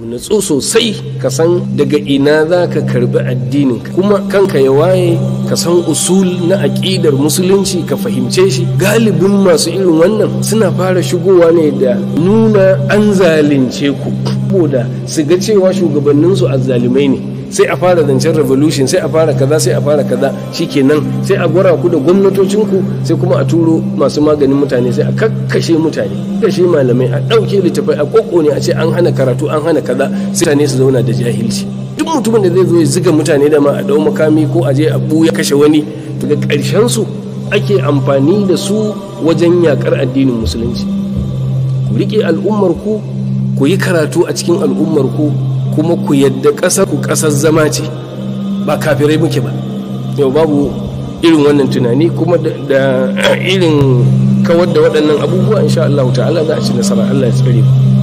natsu sosai ka san daga ina za ka karbi addinin kuma kanka ya waye ka san usul na aƙidar musulunci ka fahimce shi galibin masu irin wannan suna fara shigowa ne da nuna an zalunce ku saboda su ga cewa shugabanninsu azzalumai ne sai a fara zancen revolution sai a fara kaza sai a fara kaza shi shikenan sai a gwara ku da gwamnatocinku sai kuma a turo masu maganin mutane sai a kakkashe mutane kashe malamai a ɗauke littafai a kokone a ce an hana karatu an hana kaza sai mutane su zauna da jahilci duk mutumin da zai zo ya ziga mutane da ma a dau makami ko a je a buya kashe wani daga karshen su ake amfani da su wajen yakar addinin musulunci ku riƙe al'ummar ku ku yi karatu a cikin al'ummar ku kuma ku yadda ƙasar ku ƙasar zama ce ba kafirai muke ba yau babu irin wannan tunani kuma da irin kawar da waɗannan abubuwa insha Allah ta'ala za a ci nasara Allah ya tsare mu